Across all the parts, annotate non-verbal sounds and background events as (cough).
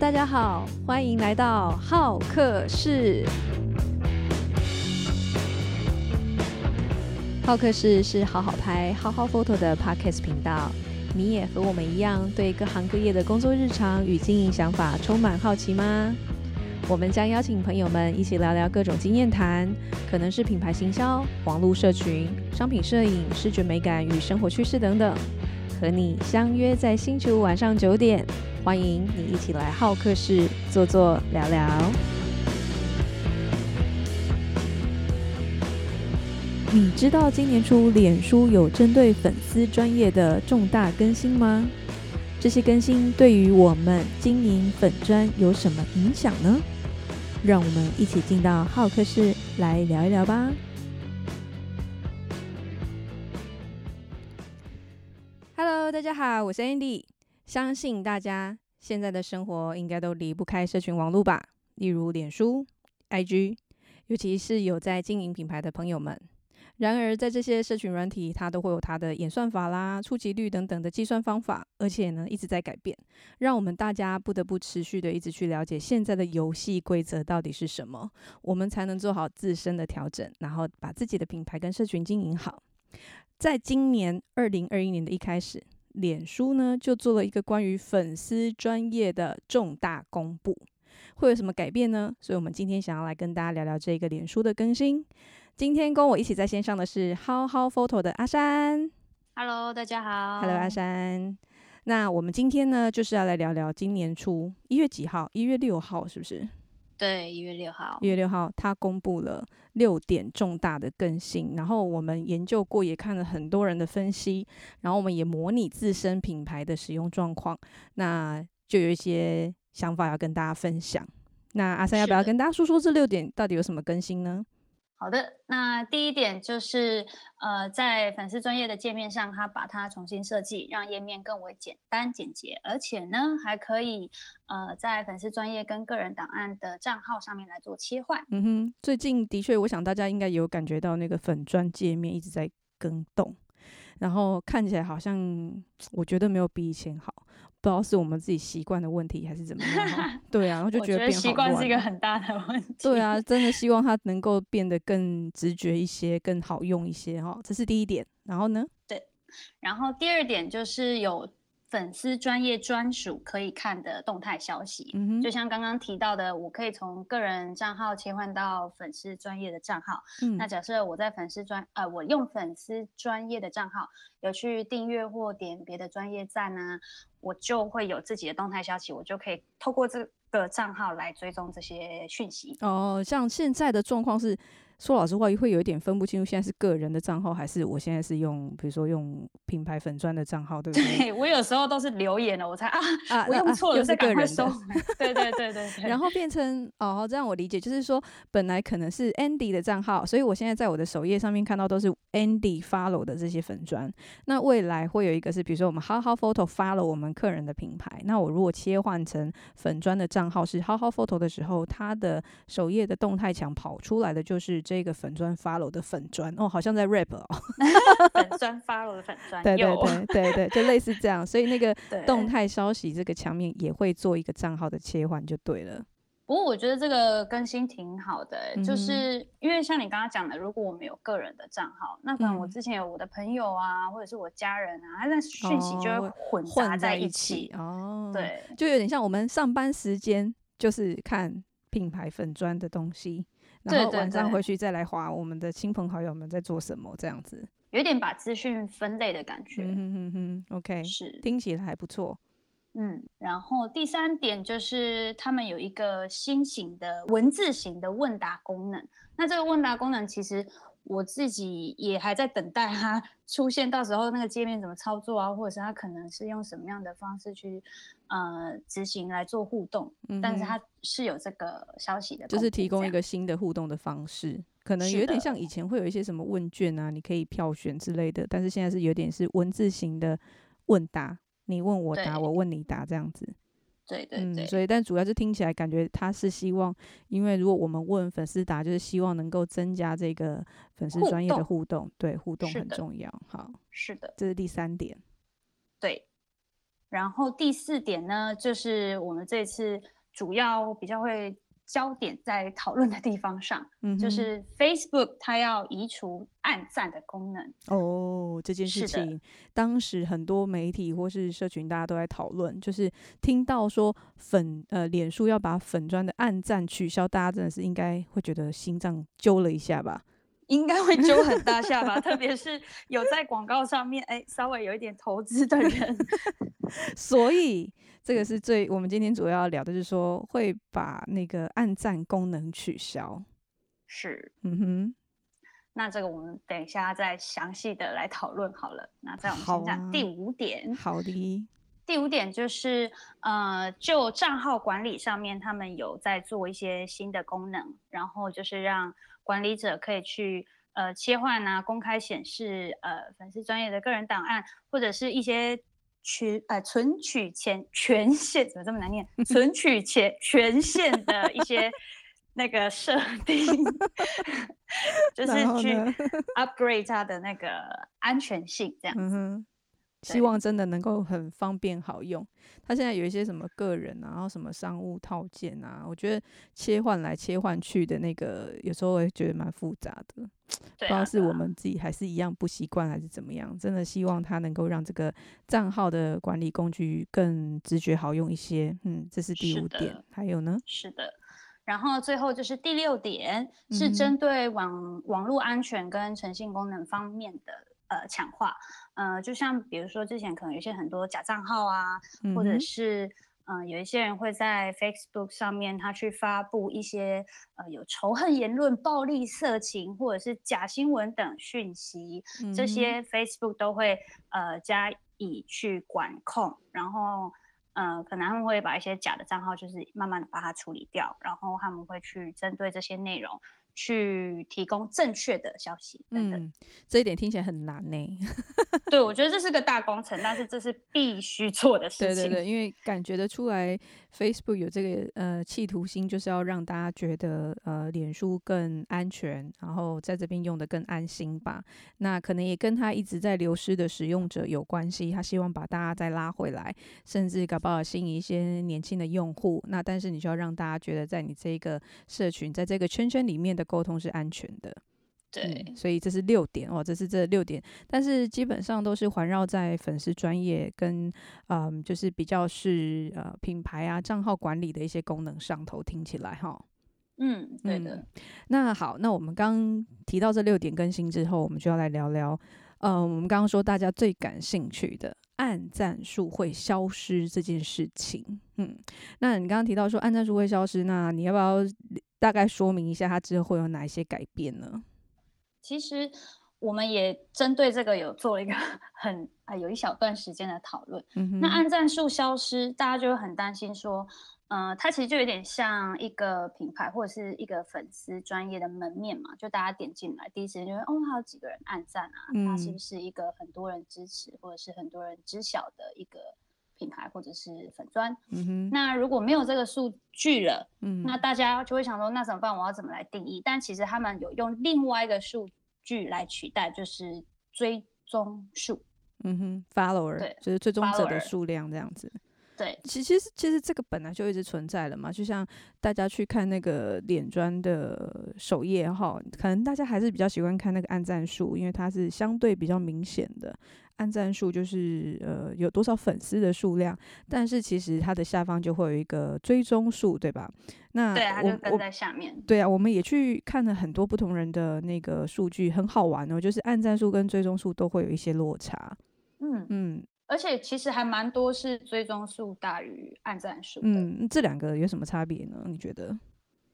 大家好，歡迎來到浩客室。浩客室是好好拍、好好 photo 的 Podcast 頻道。你也和我們一樣，對各行各業的工作日常與經營想法充滿好奇嗎？我們將邀請朋友們一起聊聊各種經驗談，可能是品牌行銷、網路社群、商品攝影、視覺美感與生活趨勢等等。和你相約在星期五晚上九點，歡迎你一起來好客室坐坐聊聊。你知道今年初臉書有針對粉絲專頁的重大更新嗎？這些更新對於我們經營粉專有什麼影響呢？讓我們一起進到好客室來聊一聊吧。Hello，大家好，我是 Andy。相信大家現在的生活應該都離不開社群網絡吧，例如臉書、IG，尤其是有在經營品牌的朋友們。然而，在這些社群軟體，它都會有它的演算法啦、觸及率等等的計算方法，而且呢一直在改變，讓我們大家不得不持續的一直去了解現在的遊戲規則到底是什麼，我們才能做好自身的調整，然後把自己的品牌跟社群經營好。在今年二零二一年的一開始。臉書呢，就做了一個關於粉絲專頁的重大公布，會有什麼改變呢？所以，我們今天想要來跟大家聊聊這個臉書的更新。今天跟我一起在線上的是 How How Photo 的阿山。Hello，大家好。Hello，阿山。那我們今天呢，就是要來聊聊今年初一月幾號？一月六號是不是？對，一月六號，一月六號，他公布了六點重大的更新，然後我們研究過，也看了很多人的分析，然後我們也模擬自身品牌的使用狀況，那就有一些想法要跟大家分享。那阿三要不要跟大家說說這六點到底有什麼更新呢？好的，那第一點就是，呃，在粉絲專頁的界面上，它把它重新設計，讓頁面更為簡單簡潔，而且呢，還可以，呃，在粉絲專頁跟個人檔案的賬號上面來做切換。嗯哼，最近的確，我想大家應該有感覺到那個粉專界面一直在更動，然後看起來好像我覺得沒有比以前好。不知道是我們自己習慣的問題還是怎麼樣？對啊，我就覺得習慣 (laughs) 是一個很大的問題。對啊，真的希望它能夠變得更直覺一些，更好用一些哈。這是第一點。然後呢？對，然後第二點就是有粉絲專頁專屬可以看的動態消息。嗯哼，就像剛剛提到的，我可以從個人賬號切換到粉絲專頁的賬號。嗯，那假設我在粉絲專，呃，我用粉絲專頁的賬號有去訂閱或點別的專頁讚啊。我就會有自己的動態消息，我就可以透過這個賬號來追蹤這些訊息哦。像現在的狀況是。說老實話，會有一點分不清楚，現在是個人的賬號還是我現在是用，比如說用品牌粉專的賬號，對不對？對，我有時候都是留言了，我才啊啊，我用錯了、啊啊、是個人的， (laughs) 對，對，對對對對。然後變成哦，這樣我理解就是說，本來可能是 Andy 的賬號，所以我現在在我的首頁上面看到都是 Andy follow 的這些粉專。那未來會有一個是，比如說我們 How How Photo follow 我們客人的品牌，那我如果切換成粉專的賬號是 How How Photo 的時候，它的首頁的動態牆跑出來的就是。這個粉專 follow 的粉專哦，好像在 rap 哦， (laughs) 粉專 follow 的粉專， (laughs) 對，對對對對對，就類似這樣。 (laughs) 所以那個動態消息，這個牆面也會做一個賬號的切換，就對了對。不過我覺得這個更新挺好的，嗯，就是因為像你剛剛講的，如果我們有個人的賬號，那可能我之前有我的朋友啊，嗯，或者是我家人啊，他在訊息就會混在，哦，混在一起。哦，對，就有點像我們上班時間就是看品牌粉專的東西。然後晚上回去再來滑我們的親朋好友們在做什麼，這樣子，對對對，有點把資訊分類的感覺。嗯嗯嗯嗯，OK，是，聽起來還不錯。嗯，然後第三點就是他們有一個新型的文字型的問答功能。那這個問答功能其實，我自己也還在等待它出現，到時候那個界面怎麼操作啊，或者是它可能是用什麼樣的方式去，呃，執行來做互動，嗯，但是它是有這個消息的，就是提供一個新的互動的方式，可能有點像以前會有一些什麼問卷啊，你可以票選之類的，但是現在是有點是文字型的問答，你問我答，我問你答這樣子。對對，對，嗯，所以但主要是聽起來感覺他是希望，因為如果我們問粉絲答，就是希望能夠增加這個粉絲專頁的互動，互動對，互動很重要。好，是的，這是第三點。對，然後第四點呢，就是我們這次主要比較會。焦點在討論的地方上，嗯，就是 Facebook 它要移除按讚的功能哦。這件事情當時很多媒體或是社群大家都在討論，就是聽到說粉呃臉書要把粉專的按讚取消，大家真的是應該會覺得心臟揪了一下吧。應該會揪很大下巴， (laughs) 特別是有在廣告上面、 (laughs) 欸、稍微有一點投資的人。 (laughs) (laughs) 所以這個是最我們今天主要，要聊的，是說會把那個按讚功能取消。是，嗯哼。那這個我們等一下再詳細的來討論好了。那再我們進第五點好，啊，好的。第五點就是呃，就賬號管理上面，他們有在做一些新的功能，然後就是讓。管理者可以去呃切換啊，公開顯示呃粉絲專頁的個人檔案，或者是一些取呃存取權權限，怎麼這麼難念？ (laughs) 存取權權限的一些那個設定， (laughs) (laughs) 就是去 upgrade 它的那個安全性，這樣。 (laughs) 希望真的能夠很方便好用。它現在有一些什麼個人啊，然後什麼商務套件啊，我覺得切換來切換去的那個，有時候會覺得蠻複雜的、啊。不知道是我們自己還是一樣不習慣，還是怎麼樣？啊、真的希望它能夠讓這個賬號的管理工具更直覺好用一些。嗯，這是第五點。還有呢？是的。然後最後就是第六點，是針對網、嗯、網路安全跟誠信功能方面的呃強化。呃，就像比如說之前可能有些很多假賬號啊、嗯，或者是、呃、有一些人會在 Facebook 上面，他去發布一些呃有仇恨言論、暴力色情或者是假新聞等訊息，這些 Facebook 都會呃加以去管控，然後、呃、可能他們會把一些假的賬號就是慢慢的把它處理掉，然後他們會去針對這些內容。去提供正確的消息，嗯對對，這一點聽起來很難呢、欸。對， (laughs) 我覺得這是個大工程，但是這是必須做的事情。 (laughs) 對對對，因為感覺得出來。Facebook 有這個呃企圖心，就是要讓大家覺得呃臉書更安全，然後在這邊用得更安心吧。那可能也跟他一直在流失的使用者有關係，他希望把大家再拉回來，甚至搞不好吸引一些年輕的用戶。那但是你就要讓大家覺得在你這一個社群，在這個圈圈裡面的溝通是安全的。對、嗯，所以這是六點哦，這是這六點，但是基本上都是環繞在粉絲專頁跟嗯，就是比較是呃品牌啊、賬號管理的一些功能上頭。聽起來哈，嗯，對的、嗯。那好，那我們剛剛提到這六點更新之後，我們就要來聊聊，嗯，我們剛剛說大家最感興趣的按讚數會消失這件事情。嗯，那你剛剛提到說按讚數會消失，那你要不要大概說明一下它之後會有哪一些改變呢？其實我們也針對這個有做了一個很啊、哎、有一小段時間的討論。Mm -hmm. 那按讚數消失，大家就會很擔心說，呃，它其實就有點像一個品牌或者是一個粉絲專頁的門面嘛，就大家點進來第一時間就會，哦，好幾個人按讚啊，他、mm -hmm. 是不是一個很多人支持或者是很多人知曉的一個品牌或者是粉專？Mm -hmm. 那如果沒有這個數據了，mm -hmm. 那大家就會想說，那怎麼辦？我要怎麼來定義？但其實他們有用另外一個數。來取代，就是追蹤數，嗯哼，follower，就是追蹤者的數量這樣子。Follower, 對，其實其實這個本來就一直存在了嘛，就像大家去看那個臉磚的首頁齁，可能大家還是比較喜歡看那個按讚數，因為它是相對比較明顯的。按讚數就是呃有多少粉絲的數量，但是其實它的下方就會有一個追蹤數，對吧？那對、啊，它就跟在下面。對啊，我們也去看了很多不同人的那個數據，很好玩哦。就是按讚數跟追蹤數都會有一些落差，嗯嗯，而且其實還蠻多是追蹤數大於按讚數。嗯，這兩個有什麼差別呢？你覺得？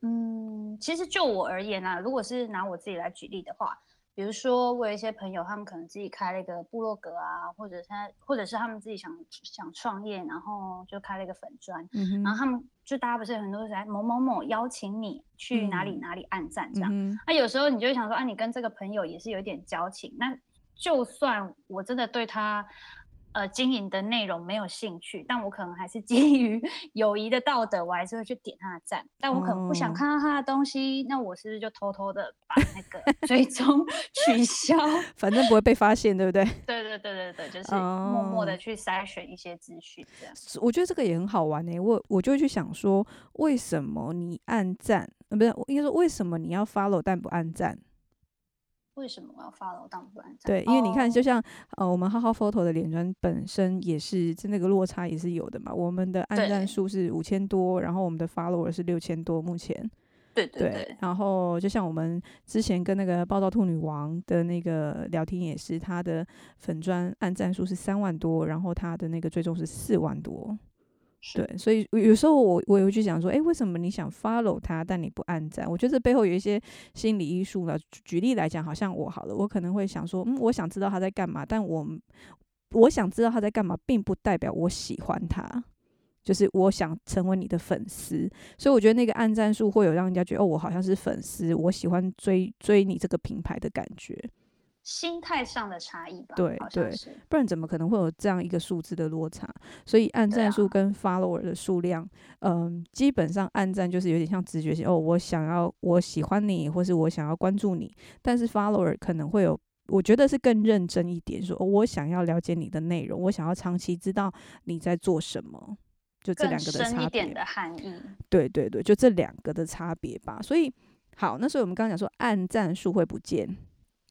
嗯，其實就我而言啊，如果是拿我自己來舉例的話，比如說，我有一些朋友，他們可能自己開了一個部落格啊，或者他，或者是他們自己想想創業，然後就開了一個粉專，嗯，然後他們就大家不是很多人在某某某邀請你去哪裡哪裡按讚這樣，嗯啊，有時候你就會想說，啊，你跟這個朋友也是有一點交情，那就算我真的對他，.呃，經營的內容沒有興趣，但我可能還是基於友誼的道德，我還是會去點他的讚。但我可能不想看到他的東西，嗯、那我是不是就偷偷的把那個追蹤取消？ (laughs) 反正不會被發現，對不對？對對對對對，就是默默的去篩選一些資訊這樣、嗯。我覺得這個也很好玩呢、欸。我我就去想說，為什麼你按讚？呃、不是，應該說為什麼你要 follow 但不按讚？為什麼我要 follow？對，因為你看，就像呃，我們 HowHow photo 的臉專本身也是，那個落差也是有的嘛。我們的按讚數是五千多，然後我們的 follower 是六千多，目前。對對對，對。然後就像我們之前跟那個暴躁兔女王的那個聊天也是，她的粉專按讚數是三萬多，然後她的那個最終是四萬多。對，所以有時候我我也會去想說，誒、欸，為什麼你想 follow 他，但你不按讚？我覺得這背後有一些心理因素了。舉例來講，好像我好了，我可能會想說，嗯，我想知道他在幹嘛，但我我想知道他在幹嘛，並不代表我喜歡他，就是我想成為你的粉絲。所以我覺得那個按讚數會有讓人家覺得，哦，我好像是粉絲，我喜歡追追你這個品牌的感覺。心態上的差異吧，對，對，不然怎麼可能會有這樣一個數字的落差？所以，按讚數跟 follower 的數量，嗯、啊、呃，基本上按讚就是有點像直覺性哦，我想要，我喜歡你，或是我想要關注你。但是 follower 可能會有，我覺得是更認真一點，說、哦、我想要了解你的內容，我想要長期知道你在做什麼。就這兩個的差別。對對對，就這兩個的差別吧。所以，好，那所以我們剛剛講說，按讚數會不見。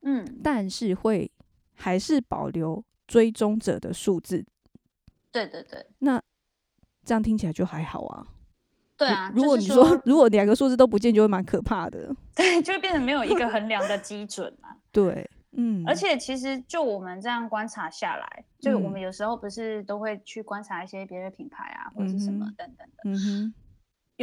嗯，但是會還是保留追蹤者的數字。對對對，那這樣聽起來就還好啊。對啊，如果你說、就是、就如果兩個數字都不見，就會蠻可怕的。對，就會變成沒有一個衡量的基準嘛。 (laughs) 對，嗯，而且其實就我們這樣觀察下來，就我們有時候不是都會去觀察一些別的品牌啊，嗯、或者什麼等等的。嗯哼。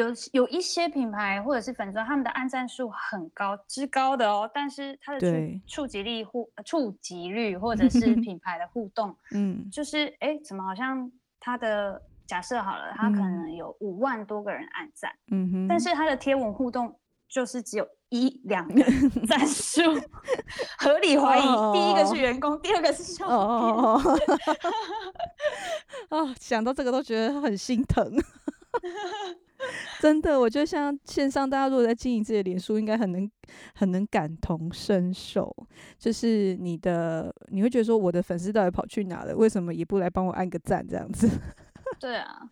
有有一些品牌或者是粉專，他們的按讚數很高，之高的哦、喔，但是他的觸觸及率或觸及率或者是品牌的互動， (laughs) 嗯，就是哎、欸，怎麼好像他的假設好了，他可能有五萬多個人按讚，嗯哼，但是他的貼文互動就是只有一兩個人讚數， (laughs) 戰 (laughs) 合理懷疑、oh. 第一個是員工，第二個是小編哦， (laughs) oh. (laughs) oh, 想到這個都覺得很心疼。 (laughs) (laughs) 真的，我就像線上大家如果在經營自己的臉書，應該很能很能感同身受，就是你的你會覺得說，我的粉絲到底跑去哪了？為什麼也不來幫我按個讚這樣子？ (laughs) 對啊，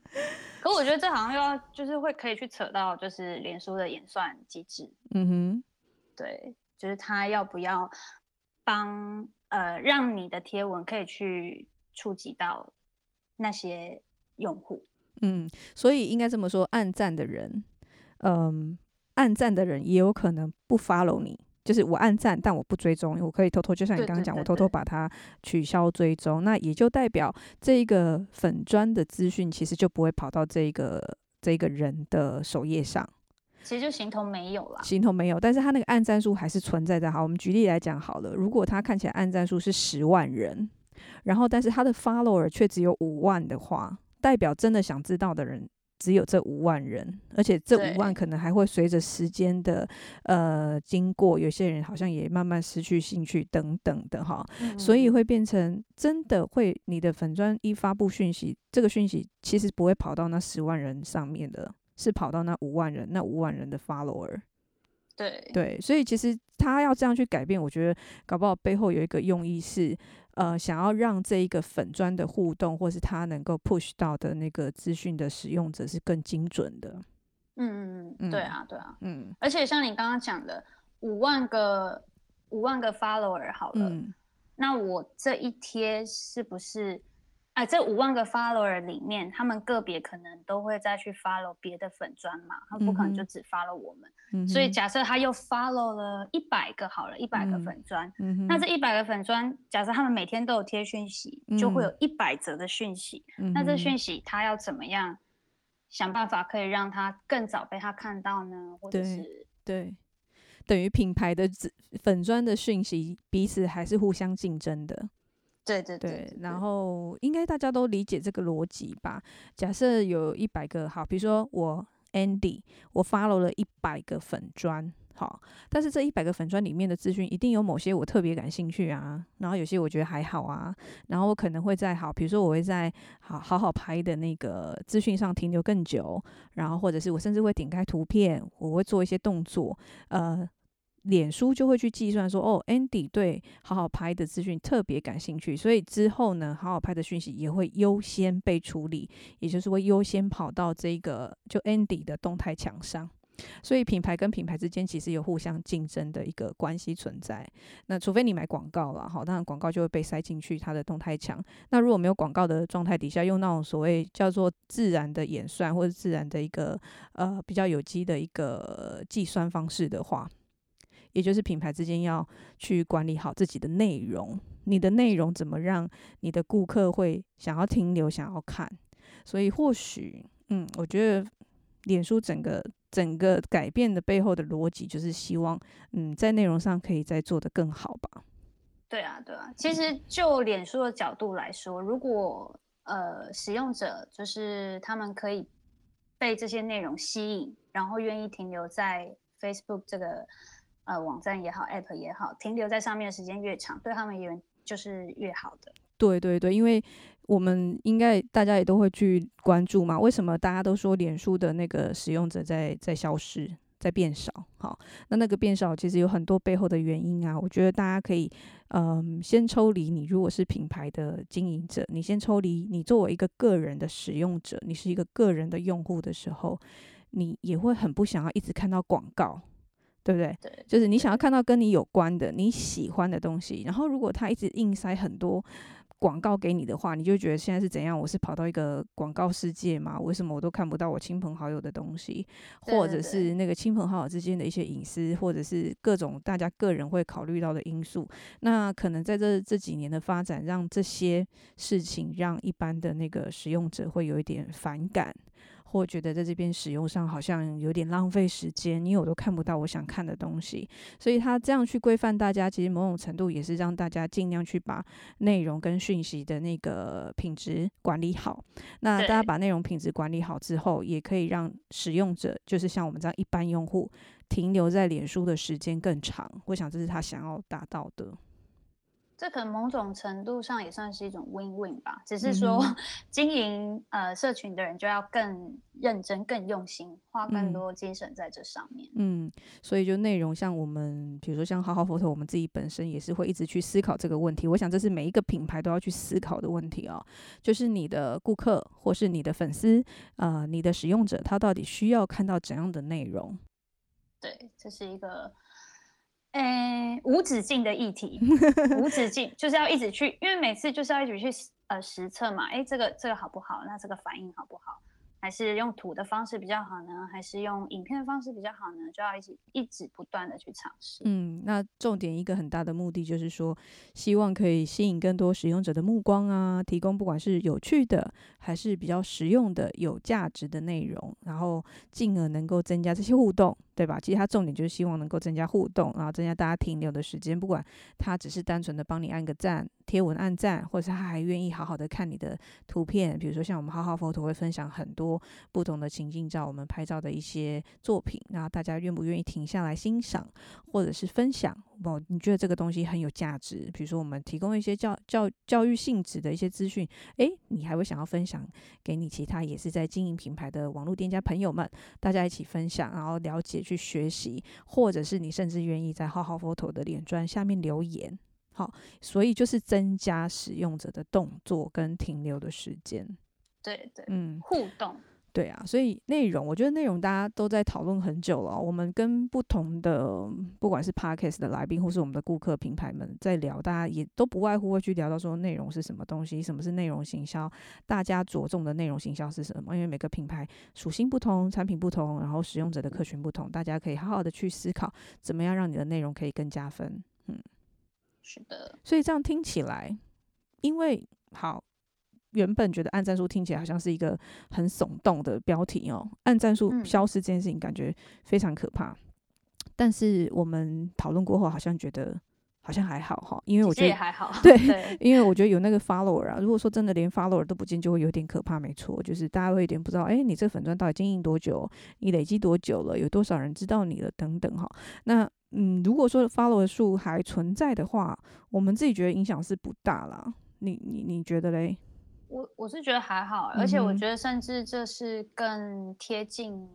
可我覺得這好像又要就是會可以去扯到就是臉書的演算機制。嗯哼，對，就是他要不要幫呃讓你的貼文可以去觸及到那些用戶。嗯，所以應該這麼說，按讚的人，嗯，按讚的人也有可能不 follow 你，就是我按讚，但我不追蹤，我可以偷偷，就像你剛剛講，我偷偷把它取消追蹤，那也就代表這一個粉專的資訊其實就不會跑到這個這個人的首頁上，其實就形同沒有啦，形同沒有，但是他那個按讚數還是存在的。好，我們舉例來講好了，如果他看起來按讚數是十萬人，然後但是他的 follower 卻只有五萬的話。代表真的想知道的人只有這五萬人，而且這五萬可能還會隨着時間的呃經過，有些人好像也慢慢失去興趣等等的哈、嗯，所以會變成真的會你的粉專一發布訊息，這個訊息其實不會跑到那十萬人上面的，是跑到那五萬人、那五萬人的 follower。對對，所以其實他要這樣去改變，我覺得搞不好背後有一個用意是。呃，想要讓這一個粉專的互動，或是他能夠 push 到的那個資訊的使用者是更精準的。嗯嗯嗯，對啊對啊，嗯。而且像你剛剛講的，五萬個五萬個 follower 好了，嗯、那我這一貼是不是？哎、欸，這五萬個 follower 裡面，他們個別可能都會再去 follow 別的粉專嘛，他們不可能就只 follow 我們。嗯、所以假設他又 follow 了一百個好了，一百個粉專、嗯，那這一百個粉專，假設他們每天都有貼訊息，就會有一百則的訊息、嗯。那這訊息他要怎麼樣想辦法可以讓他更早被他看到呢？嗯、或者是對，對，等於品牌的紫、粉專的訊息彼此還是互相競爭的。對對對，對對對，然後應該大家都理解這個邏輯吧？假設有一百個好，比如說我 Andy，我 follow 了一百個粉專，好，但是這一百個粉專裡面的資訊一定有某些我特別感興趣啊，然後有些我覺得還好啊，然後我可能會在好，比如說我會在好好好拍的那個資訊上停留更久，然後或者是我甚至會點開圖片，我會做一些動作，呃。臉書就會去計算說，哦，Andy 對好好拍的資訊特別感興趣，所以之後呢，好好拍的訊息也會優先被處理，也就是會優先跑到這一個就 Andy 的動態牆上。所以品牌跟品牌之間其實有互相競爭的一個關係存在。那除非你買廣告了，好，當然廣告就會被塞進去它的動態牆。那如果沒有廣告的狀態底下，用那種所謂叫做自然的演算或者自然的一個呃比較有機的一個計算方式的話，也就是品牌之間要去管理好自己的內容，你的內容怎麼讓你的顧客會想要停留、想要看？所以或許，嗯，我覺得臉書整個整個改變的背後的邏輯就是希望，嗯，在內容上可以再做得更好吧。對啊，對啊。其實就臉書的角度來說，如果呃使用者就是他們可以被這些內容吸引，然後願意停留在 Facebook 這個。呃，網站也好，App 也好，停留在上面的時間越長，對他們也就是越好的。對對對，因為我們應該大家也都會去關注嘛。為什麼大家都說臉書的那個使用者在在消失，在變少？好，那那個變少其實有很多背後的原因啊。我覺得大家可以，嗯，先抽離。你如果是品牌的經營者，你先抽離；你作為一個個人的使用者，你是一個個人的用戶的時候，你也會很不想要一直看到廣告。對不對？就是你想要看到跟你有關的、你喜歡的東西。然後，如果他一直硬塞很多廣告給你的話，你就覺得現在是怎樣？我是跑到一個廣告世界嗎？為什麼我都看不到我親朋好友的東西，或者是那個親朋好友之間的一些隱私，或者是各種大家個人會考慮到的因素。那可能在這這幾年的發展，讓這些事情讓一般的那個使用者會有一點反感，或覺得在這邊使用上好像有點浪費時間，因為我都看不到我想看的東西，所以他這樣去規範大家，其實某種程度也是讓大家盡量去把內容跟訊息的那個品質管理好。那大家把內容品質管理好之後，也可以讓使用者，就是像我們這樣一般用戶，停留在臉書的時間更長。我想這是他想要達到的。這可能某種程度上也算是一種 win-win 吧，只是說、嗯、經營呃社群的人就要更認真、更用心，花更多精神在這上面。嗯，嗯所以就內容，像我們比如說像好好 photo，我們自己本身也是會一直去思考這個問題。我想這是每一個品牌都要去思考的問題哦，就是你的顧客或是你的粉絲，呃，你的使用者，他到底需要看到怎樣的內容？對，這是一個。呃、欸，無止境的議題， (laughs) 無止境就是要一直去，因為每次就是要一直去呃實測嘛。哎、欸，這個這個好不好？那這個反應好不好？還是用圖的方式比較好呢？還是用影片的方式比較好呢？就要一直、一直不斷的去嘗試。嗯，那重點一個很大的目的就是說，希望可以吸引更多使用者的目光啊，提供不管是有趣的還是比較實用的有價值的內容，然後進而能夠增加這些互動，對吧？其實它重點就是希望能夠增加互動，然後增加大家停留的時間，不管它只是單純的幫你按個讚。貼文按讚，或者是他還願意好好的看你的圖片，比如說像我們好好 photo 會分享很多不同的情境照，我們拍照的一些作品，那大家願不願意停下來欣賞，或者是分享？哦，你覺得這個東西很有價值，比如說我們提供一些教教教育性質的一些資訊，誒，你還會想要分享給你其他也是在經營品牌的網絡店家朋友們，大家一起分享，然後了解去學習，或者是你甚至願意在好好 photo 的臉書下面留言。好，所以就是增加使用者的動作跟停留的時間。對對，嗯，互動。對啊，所以內容，我覺得內容大家都在討論很久了、哦。我們跟不同的，不管是 p a r k e s t 的來賓，或是我們的顧客品牌們在聊，大家也都不外乎會去聊到說內容是什麼東西，什麼是內容行銷，大家着重的內容行銷是什麼？因為每個品牌屬性不同，產品不同，然後使用者的客群不同，大家可以好好的去思考，怎麼樣讓你的內容可以更加分。是的，所以這樣聽起來，因為好原本覺得按讚數，聽起來好像是一個很聳動的標題哦、喔，按讚數消失這件事情感覺非常可怕，嗯、但是我們討論過後好像覺得。好像還好哈，因為我覺得也還好，對，對，因為我覺得有那個 follower 啊。如果說真的連 follower 都不見，就會有點可怕。沒錯，就是大家會有點不知道，哎、欸，你這粉專到底經營多久，你累積多久了，有多少人知道你了等等哈。那嗯，如果說 follower 數還存在的話，我們自己覺得影響是不大啦。你你你覺得嘞？我我是覺得還好，而且我覺得甚至這是更貼近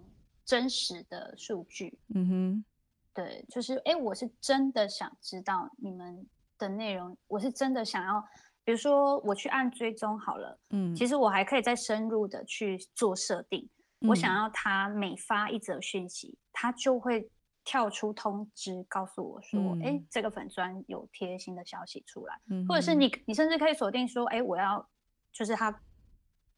真實的數據。嗯哼。對，就是哎、欸，我是真的想知道你們的內容，我是真的想要，比如說我去按追蹤好了，嗯，其實我還可以再深入的去做設定、嗯，我想要他每發一則訊息，他就會跳出通知告訴我說，哎、嗯欸，這個粉專有貼心的消息出來、嗯，或者是你，你甚至可以鎖定說，哎、欸，我要就是他，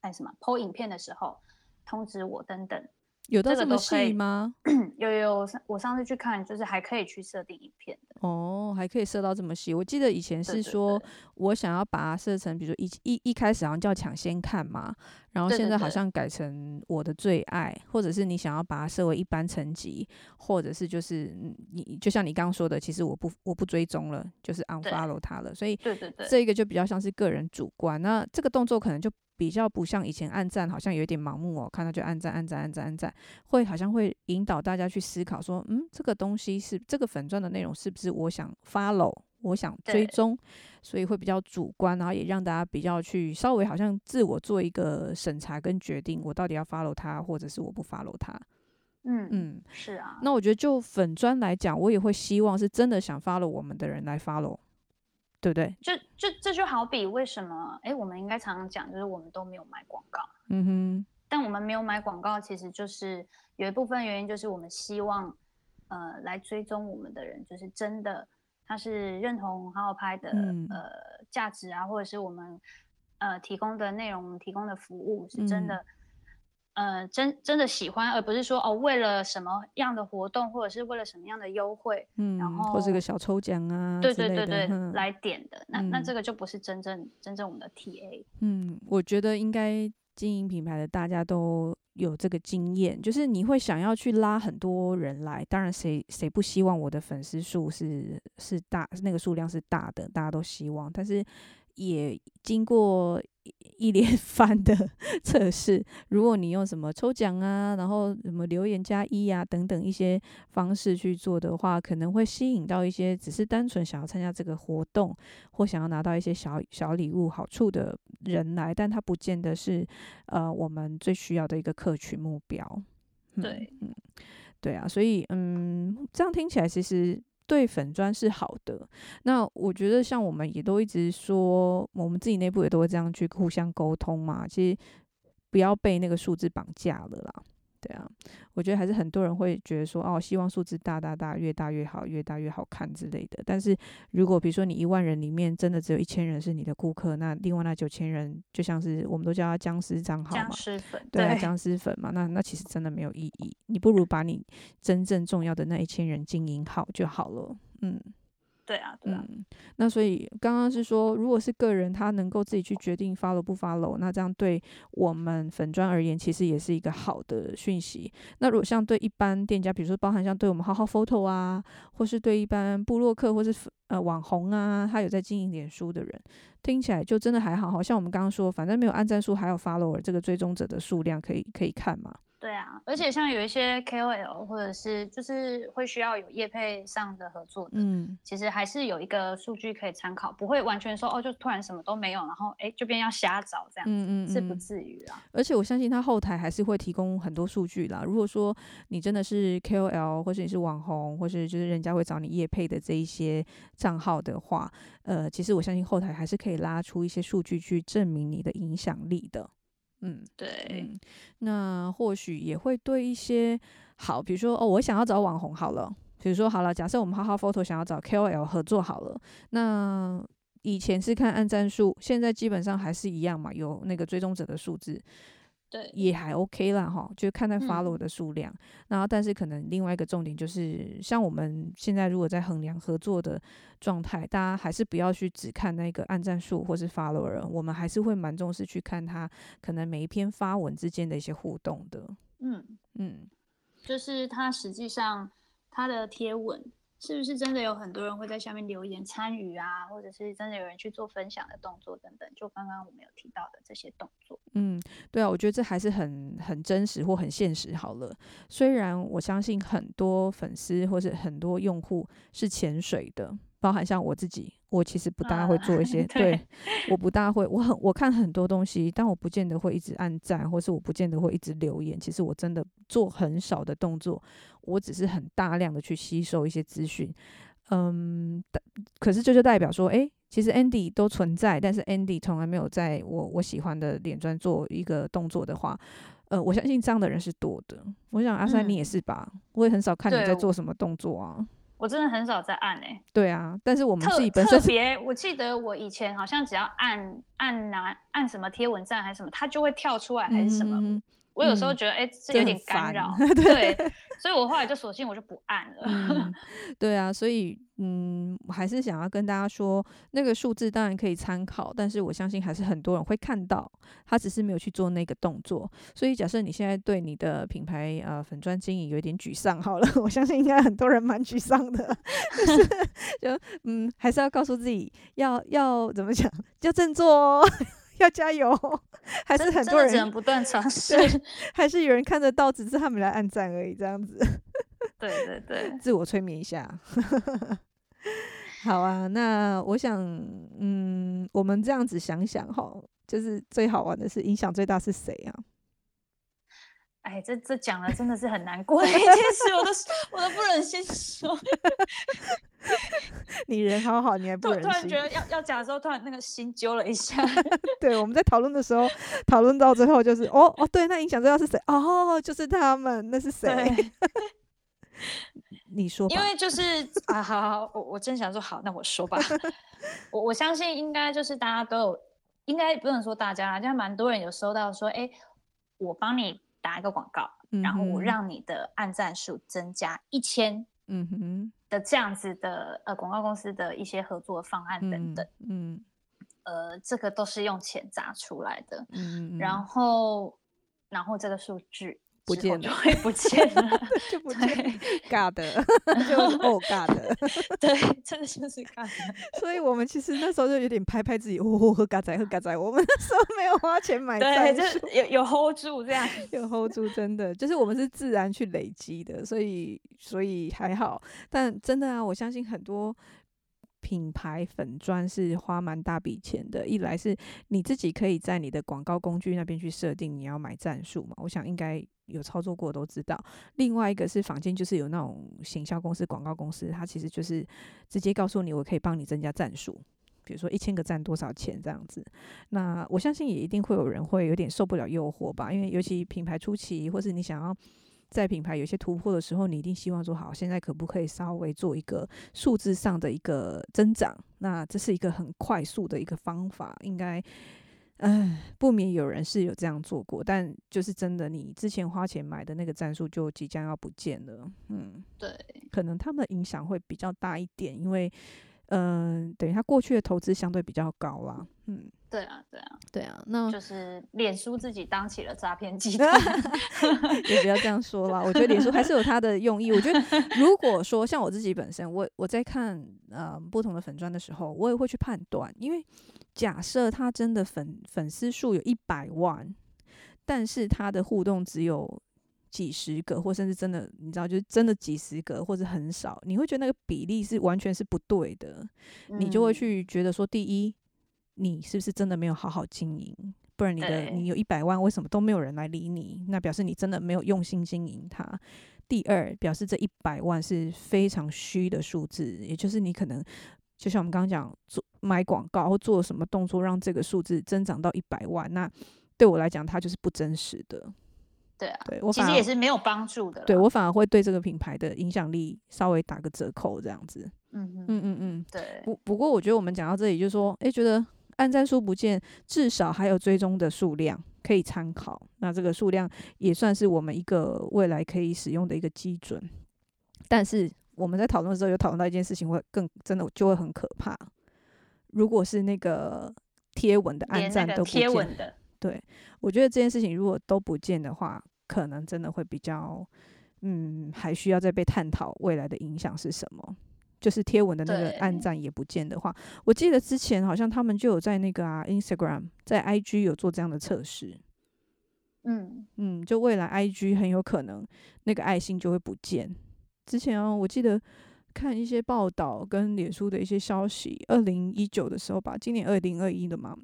哎什麼，po 影片的時候通知我等等。有到這麼細嗎？這個有有，我上我上次去看，就是還可以去設定影片的哦，還可以設到這麼細。我記得以前是說，對對對，我想要把它設成，比如說一一一開始好像叫搶先看嘛。然後現在好像改成我的最愛，對對對，或者是你想要把它設為一般層級，或者是就是你就像你剛剛說的，其實我不我不追蹤了，就是 unfollow 它了。所以對對對，這個就比較像是個人主觀。那這個動作可能就比較不像以前按讚，好像有點盲目哦，看到就按讚按讚按讚按讚，會好像會引導大家去思考說，嗯，這個東西是這個粉專的內容是不是我想 follow？我想追蹤，所以會比較主觀，然後也讓大家比較去稍微好像自我做一個審查跟決定，我到底要 follow 他，或者是我不 follow 他。嗯嗯，是啊。那我覺得就粉專來講，我也會希望是真的想 follow 我們的人來 follow，對不對？就就這就好比為什麼？哎，我們應該常常講，就是我們都沒有買廣告。嗯哼。但我們沒有買廣告，其實就是有一部分原因就是我們希望，呃，來追蹤我們的人，就是真的。他是認同好好拍的、嗯、呃價值啊，或者是我們呃提供的內容、提供的服務是真的，嗯、呃，真真的喜歡，而不是說哦，為了什麼樣的活動或者是為了什麼樣的優惠，嗯，然後或者是個小抽獎啊，對對對對，來點的，那、嗯、那這個就不是真正真正我們的 T A。嗯，我覺得應該經營品牌的大家都有這個經驗，就是你會想要去拉很多人來。當然，誰誰不希望我的粉絲數是是大，那個數量是大的，大家都希望。但是也經過。一連番的測試，如果你用什麼抽獎啊，然後什麼留言加一啊等等一些方式去做的話，可能會吸引到一些只是單純想要參加這個活動或想要拿到一些小小禮物好處的人來，但他不見得是呃我們最需要的一個客群目標。對，嗯，對啊，所以嗯，這樣聽起來其實。對粉專是好的，那我覺得像我們也都一直說，我們自己內部也都會這樣去互相溝通嘛。其實不要被那個數字綁架了啦。對啊，我覺得還是很多人會覺得說，哦，希望數字大、大、大，越大越好，越大越好看之類的。但是，如果比如說你一萬人裡面真的只有一千人是你的顧客，那另外那九千人就像是我們都叫他僵屍賬號嘛，殭屍粉，對啊，對，殭屍粉嘛，那那其實真的沒有意義。你不如把你真正重要的那一千人經營好就好了，嗯。對啊，對啊，嗯，那所以剛剛是說，如果是個人他能夠自己去決定 follow 不 follow，那這樣對我們粉專而言，其實也是一個好的訊息。那如果像對一般店家，比如說包含像對我們好好 photo 啊，或是對一般部落客或是呃網紅啊，他有在經營臉書的人，聽起來就真的還好，好像我們剛剛說，反正沒有按讚數，還有 follower 這個追蹤者的數量可以可以看嘛。對啊，而且像有一些 KOL 或者是就是會需要有業配上的合作的，嗯，其實還是有一個數據可以參考，不會完全說哦，就突然什麼都沒有，然後哎就變要瞎找這樣，嗯嗯，嗯，是不至於啦。而且我相信他後台還是會提供很多數據啦。如果說你真的是 KOL 或者你是網紅，或是就是人家會找你業配的這一些賬號的話，呃，其實我相信後台還是可以拉出一些數據去證明你的影響力的。嗯，對，嗯、那或許也會對一些好，比如說哦，我想要找網紅好了，比如說好了，假設我們 HowHowPhoto 想要找 KOL 合作好了，那以前是看按讚數，現在基本上還是一樣嘛，有那個追蹤者的數字。也還 OK 啦，哈，就看在 follow 的數量。嗯、然後但是可能另外一個重點就是，像我們現在如果在衡量合作的狀態，大家還是不要去只看那個按讚數或是 follow 人，我們還是會蠻重視去看他可能每一篇發文之間的一些互動的。嗯嗯，就是他實際上他的貼文。是不是真的有很多人會在下面留言參與啊，或者是真的有人去做分享的動作等等？就剛剛我們有提到的這些動作。嗯，對啊，我覺得這還是很很真實或很現實。好了，雖然我相信很多粉絲或是很多用戶是潛水的，包含像我自己，我其實不大會做一些。啊、對， (laughs) 我不大會，我很我看很多東西，但我不見得會一直按讚，或是我不見得會一直留言。其實我真的做很少的動作。我只是很大量的去吸收一些資訊，嗯，可是這就代表說，哎、欸，其實 Andy 都存在，但是 Andy 從來沒有在我我喜歡的粉專做一個動作的話，呃，我相信這樣的人是多的。我想、嗯、阿三你也是吧？我也很少看你在做什麼動作啊。我，我真的很少在按哎、欸。對啊，但是我們自己本身特別，我記得我以前好像只要按按哪按什麼貼文章還是什麼，它就會跳出來還是什麼。嗯我有時候覺得，哎、嗯，這、欸、有點干擾，對，所以我後來就索性我就不按了、 (laughs) 嗯。對啊，所以，嗯，我還是想要跟大家說，那個數字當然可以參考，但是我相信還是很多人會看到，他只是沒有去做那個動作。所以，假設你現在對你的品牌呃粉專經營有一點沮喪，好了，我相信應該很多人蠻沮喪的， (laughs) 就是就嗯，還是要告訴自己要要怎麼講，要振作哦。要加油， (laughs) 還是很多人不斷嘗試，還是有人看得到，只是他們來暗讚而已。這樣子，對對對，自我催眠一下。好啊，那我想，嗯，我們這樣子想想哈，就是最好玩的是影響最大是誰啊？哎，這這講了真的是很難過的一件事 (laughs) 我都我都不忍心說。 (laughs) 你人好好，你還不忍心。突，突然覺得要要講的時候，突然那個心揪了一下。 (laughs) 對，我們在討論的時候，討 (laughs) 論到最後就是哦哦，對，那影響重要是誰？哦，就是他們，那是誰？ (laughs) 你說。因為就是啊，好好，我我真想說好，那我說吧。 (laughs) 我我相信應該就是大家都有，應該不能說大家啦，就還蠻多人有收到說，哎、欸，我幫你。打一個廣告，然後我讓你的按讚數增加一千，嗯哼，的這樣子的、嗯、呃廣告公司的一些合作方案等等嗯，嗯，呃，這個都是用錢砸出來的，嗯，嗯然後，然後這個數據。不見了，不見了， (laughs) 就不見，尬的， (laughs) 就哦尬的，對，真的就是尬。所以我們其實那時候就有點拍拍自己，哦，喝嘎仔喝嘎仔，我們那時候沒有花錢買。對，就有有 hold 住這樣。有 hold 住，真的，就是我們是自然去累積的，所以所以還好。但真的啊，我相信很多。品牌粉專是花蠻大筆錢的，一來是你自己可以在你的廣告工具那邊去設定你要買讚數嘛，我想應該有操作過都知道。另外一個是坊間就是有那種行銷公司、廣告公司，它其實就是直接告訴你，我可以幫你增加讚數，比如說一千個讚多少錢這樣子。那我相信也一定會有人會有點受不了誘惑吧，因為尤其品牌初期，或是你想要。在品牌有些突破的時候，你一定希望做好，現在可不可以稍微做一個數字上的一個增長？那這是一個很快速的一個方法，應該，唉，不免有人是有這樣做過。但就是真的，你之前花錢買的那個讚數，就即將要不見了，嗯，對，可能他們的影響會比較大一點，因為。嗯、呃，等於他過去的投資相對比較高啦。嗯，對啊，對啊，對啊，那就是臉書自己當起了詐騙集團， (laughs) (laughs) 也不要這樣說啦。我覺得臉書還是有它的用意。 (laughs) 我覺得如果說像我自己本身，我我在看呃不同的粉專的時候，我也會去判斷，因為假設他真的粉粉絲數有一百萬，但是他的互動只有，幾十個，或甚至真的，你知道，就是真的幾十個，或是很少，你會覺得那個比例是完全是不對的，嗯、你就會去覺得說，第一，你是不是真的沒有好好經營？不然你的你有一百萬，為什麼都沒有人來理你？那表示你真的沒有用心經營它。第二，表示這一百萬是非常虛的數字，也就是你可能就像我們剛剛講做買廣告或做什麼動作，讓這個數字增長到一百萬，那對我來講，它就是不真實的。對啊，對我其實也是沒有幫助的。對我反而會對這個品牌的影響力稍微打個折扣，這樣子。嗯嗯嗯嗯對。不不過，我覺得我們講到這裡，就是說，誒、欸，覺得按讚數不見，至少還有追蹤的數量可以參考。那這個數量也算是我們一個未來可以使用的一個基準。但是我們在討論的時候，有討論到一件事情，會更真的，就會很可怕。如果是那個貼文的按讚都不見的。對，我覺得這件事情如果都不見的話，可能真的會比較，嗯，還需要再被探討未來的影響是什麼。就是貼文的那個按讚也不見的話，我記得之前好像他們就有在那個啊，Instagram，在 IG 有做這樣的測試。嗯嗯，就未來 IG 很有可能那個愛心就會不見。之前哦，我記得看一些報道跟臉書的一些消息，二零一九的時候吧，今年二零二一的嘛。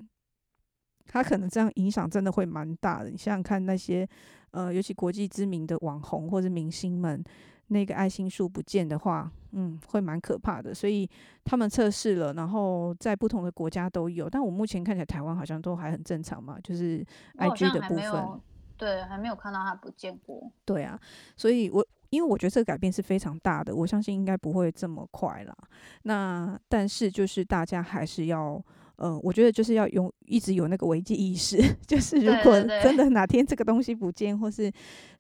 他可能這樣影響真的會蠻大的，你想想看那些，呃，尤其國際知名的網紅或者明星們，那個愛心數不見的話，嗯，會蠻可怕的。所以他們測試了，然後在不同的國家都有，但我目前看起來台灣好像都還很正常嘛，就是 IG 的部分，對，還沒有看到它不見過。對啊，所以我因為我覺得這個改變是非常大的，我相信應該不會這麼快啦。那但是就是大家還是要。嗯、呃，我覺得就是要有一直有那個危機意識，就是如果真的哪天這個東西不見，對對對，或是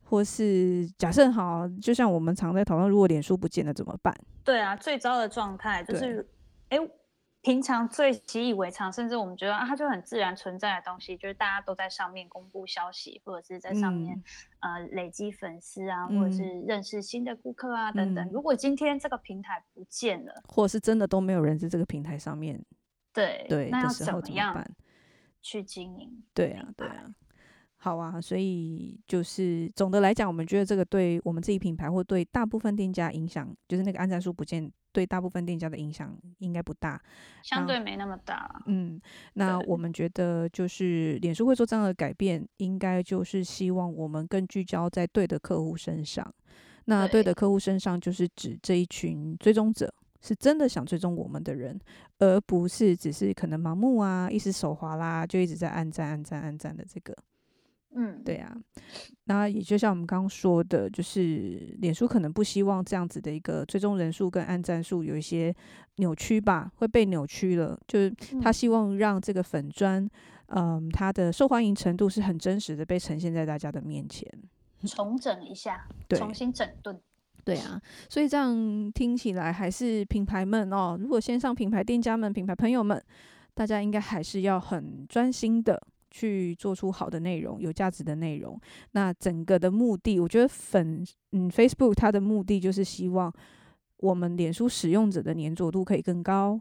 或是假設好，就像我們常在討論，如果臉書不見了怎麼辦？對啊，最糟的狀態就是，哎，平常最習以為常，甚至我們覺得、啊、它就很自然存在的東西，就是大家都在上面公布消息，或者是在上面、嗯呃、累積粉絲啊，或者是認識新的顧客啊、嗯、等等。如果今天這個平台不見了，或者是真的都沒有人在這個平台上面，對，對，那要時候怎麼樣去經營？對啊，對啊，好啊。所以就是總的來講，我們覺得這個對我們自己品牌，或對大部分店家影響，就是那個按讚數不見，對大部分店家的影響應該不大，相對沒那麼大、啊。嗯，那我們覺得就是臉書會做這樣的改變，應該就是希望我們更聚焦在對的客戶身上。那對的客戶身上，就是指這一群追蹤者。是真的想追蹤我們的人，而不是只是可能盲目啊，一時手滑啦，就一直在按讚、按讚、按讚的這個。嗯，對啊。那也就像我們剛剛說的，就是臉書可能不希望這樣子的一個追蹤人數跟按讚數有一些扭曲吧，會被扭曲了。就是他希望讓這個粉專，嗯，它的受歡迎程度是很真實的被呈現在大家的面前。重整一下，對，重新整頓。對啊，所以這樣聽起來還是品牌們哦，如果線上品牌店家們、品牌朋友們，大家應該還是要很專心的去做出好的內容、有價值的內容。那整個的目的，我覺得粉嗯 Facebook 它的目的就是希望我們臉書使用者的黏著度可以更高，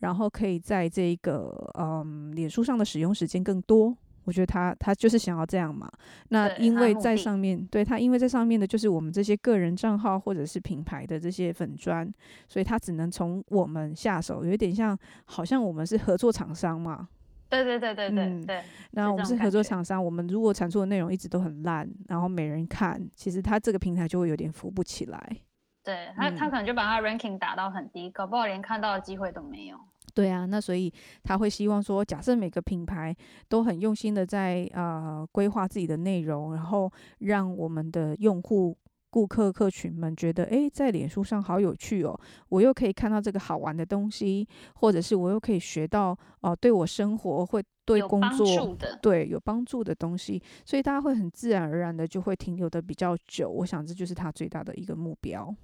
然後可以在這個嗯臉書上的使用時間更多。我覺得他他就是想要這樣嘛。那因為在上面對，他，對他因為在上面的就是我們這些個人賬號或者是品牌的這些粉專，所以他只能從我們下手，有一點像好像我們是合作廠商嘛。對對對對對、嗯、對。那我們是合作廠商，我們如果產出的內容一直都很爛，然後沒人看，其實他這個平台就會有點扶不起來。對，他他可能就把他 ranking 打到很低，搞不好連看到的機會都沒有。對啊，那所以他會希望說，假設每個品牌都很用心的在啊、呃、規劃自己的內容，然後讓我們的用戶、顧客、客群們覺得，哎，在臉書上好有趣哦，我又可以看到這個好玩的東西，或者是我又可以學到哦、呃，對我生活會對工作有幫助的對有幫助的東西，所以大家會很自然而然的就會停留的比較久。我想這就是他最大的一個目標。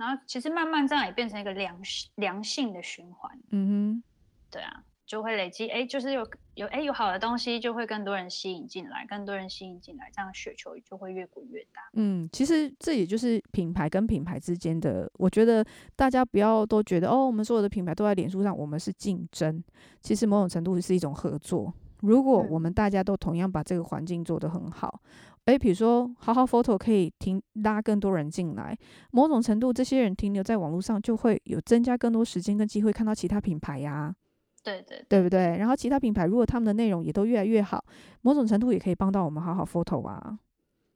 然後其實慢慢這樣也變成一個良性良性的循環，嗯哼，對啊，就會累積，哎，就是有有哎有好的東西，就會更多人吸引進來，更多人吸引進來，這樣雪球就會越滾越大。嗯，其實這也就是品牌跟品牌之間的，我覺得大家不要都覺得哦，我們所有的品牌都在臉書上，我們是競爭，其實某種程度是一種合作。如果我們大家都同樣把這個環境做得很好。嗯誒、欸，比如說，好好 photo 可以停拉更多人進來，某種程度，這些人停留在網絡上，就會有增加更多時間跟機會看到其他品牌呀、啊。對，對對，對不對？然後其他品牌如果他們的內容也都越來越好，某種程度也可以幫到我們好好 photo 啊。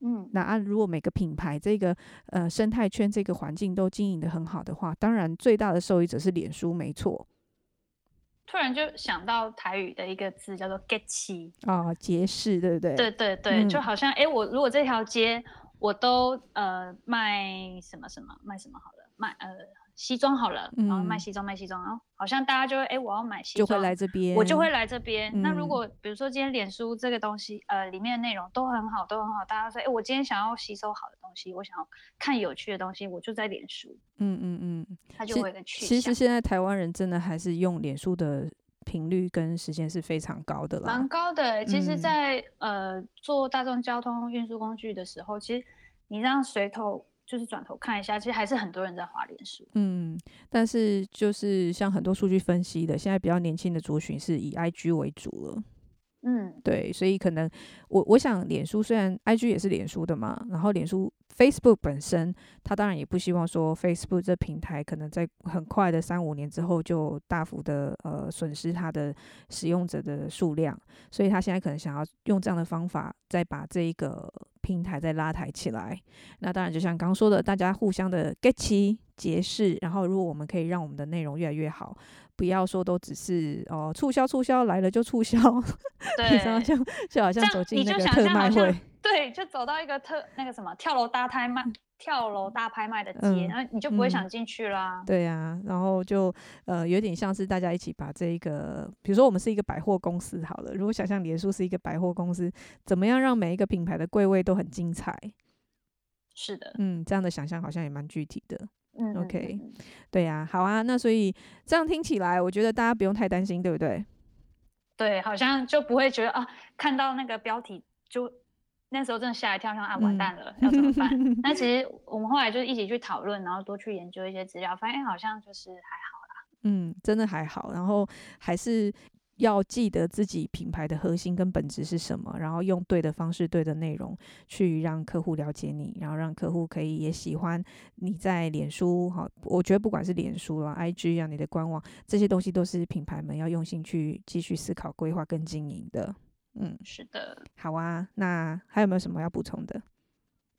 嗯，那、啊、如果每個品牌這個呃生態圈這個環境都經營得很好的話，當然最大的受益者是臉書，沒錯。突然就想到台語的一個字叫做 “get 七”啊，結市、哦，對不對？對對對，就好像哎、嗯，我如果這條街我都呃賣什麼什麼賣什麼好的賣呃。西裝好了，然後賣西裝、嗯、賣西裝，然後好像大家就會哎、欸，我要買西裝，就會來這邊，我就會來這邊、嗯。那如果比如說今天臉書這個東西，呃，裡面內容都很好，都很好，大家說哎、欸，我今天想要吸收好的東西，我想要看有趣的東西，我就在臉書。嗯嗯嗯，他、嗯、就會跟去。其實現在台灣人真的還是用臉書的頻率跟時間是非常高的了，蠻高的、欸。其實在，在、嗯、呃做大眾交通運輸工具的時候，其實你讓水頭。就是轉頭看一下，其實還是很多人在滑臉書。嗯，但是就是像很多數據分析的，現在比較年輕的族群是以 IG 為主了。嗯，對，所以可能我我想，臉書雖然 IG 也是臉書的嘛，然後臉書 Facebook 本身，它當然也不希望說 Facebook 這平台可能在很快的三五年之後就大幅的呃損失它的使用者的數量，所以他現在可能想要用這樣的方法再把這一個平台再拉抬起來。那當然，就像剛剛說的，大家互相的 get 一結識，然後如果我們可以讓我們的內容越來越好。不要說都只是哦，促銷促銷來了就促銷，對，像 (laughs) 就好像走進那個特賣會，對，就走到一個特那個什麼跳樓大拍賣、跳樓大拍賣的街，那、嗯、你就不會想進去啦，啊嗯。對呀、啊，然後就呃，有點像是大家一起把這一個，比如說我們是一個百貨公司好了，如果想象臉書是一個百貨公司，怎麼樣讓每一個品牌的櫃位都很精彩？是的，嗯，這樣的想象好像也蠻具體的。Okay. 嗯，OK，對呀、啊，好啊，那所以這樣聽起來，我覺得大家不用太擔心，對不對？對，好像就不會覺得啊，看到那個標題就那時候真的嚇一跳，像啊完蛋了、嗯，要怎麼辦？但 (laughs) 其實我們後來就一起去討論，然後多去研究一些資料，發現、哎、好像就是還好啦。嗯，真的還好，然後還是。要記得自己品牌的核心跟本質是什麼，然後用對的方式、對的內容去讓客戶了解你，然後讓客戶可以也喜歡你在臉書。好，我覺得不管是臉書啦、啊、IG 啊，你的官網這些東西，都是品牌們要用心去繼續思考、規劃跟經營的。嗯，是的，好啊。那還有沒有什麼要補充的？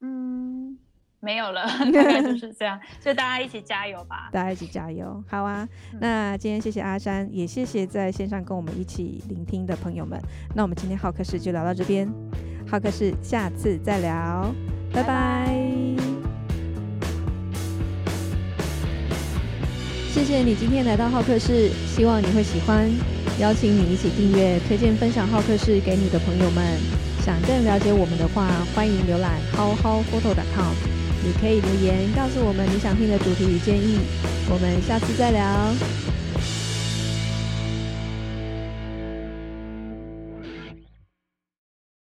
嗯。沒有了，大概就是這樣，所以 (laughs) 大家一起加油吧！大家一起加油，好啊！嗯、那今天謝謝阿珊，也謝謝在線上跟我們一起聆聽的朋友們。那我們今天好客室就聊到這邊，好客室下次再聊，拜 (laughs) 拜！謝謝你今天來到好客室，希望你會喜歡，邀請你一起訂閱、推薦、分享好客室給你的朋友們。想更了解我們的話，歡迎瀏覽 howhowphoto.com 也可以留言告訴我們你想聽的主題與建議，我們下次再聊。